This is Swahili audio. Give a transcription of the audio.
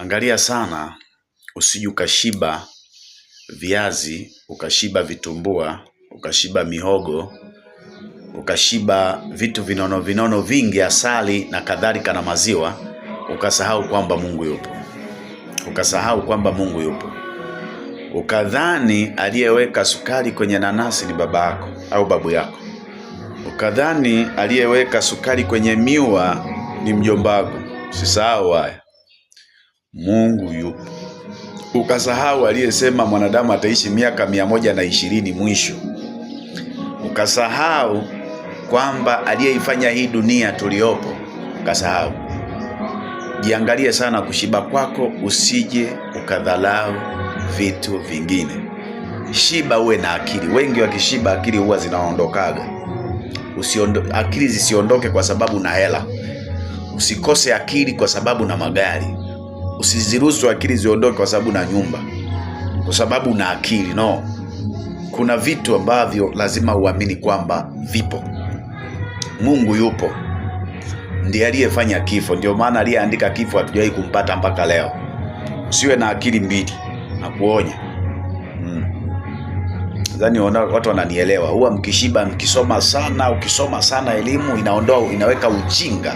Angalia sana usije ukashiba viazi, ukashiba vitumbua, ukashiba mihogo, ukashiba vitu vinono vinono vingi, asali na kadhalika na maziwa, ukasahau kwamba Mungu yupo, ukasahau kwamba Mungu yupo, ukadhani aliyeweka sukari kwenye nanasi ni baba yako au babu yako, ukadhani aliyeweka sukari kwenye miwa ni mjomba wako. Usisahau haya. Mungu yu. Ukasahau aliyesema mwanadamu ataishi miaka mia moja na ishirini mwisho. Ukasahau kwamba aliyeifanya hii dunia tuliyopo, ukasahau. Jiangalie sana kushiba kwako, usije ukadhalau vitu vingine. Shiba uwe na akili. Wengi wakishiba akili huwa zinaondokaga. Usiondo, akili zisiondoke kwa sababu na hela. Usikose akili kwa sababu na magari usiziruhusu akili ziondoke kwa sababu na nyumba, kwa sababu na akili no. Kuna vitu ambavyo lazima uamini kwamba vipo. Mungu yupo, ndiye aliyefanya kifo. Ndio maana aliyeandika kifo hatujawahi kumpata mpaka leo. Usiwe na akili mbili, nakuonya zani hmm. Nadhani watu wananielewa. Huwa mkishiba mkisoma sana, ukisoma sana elimu inaondoa, inaweka uchinga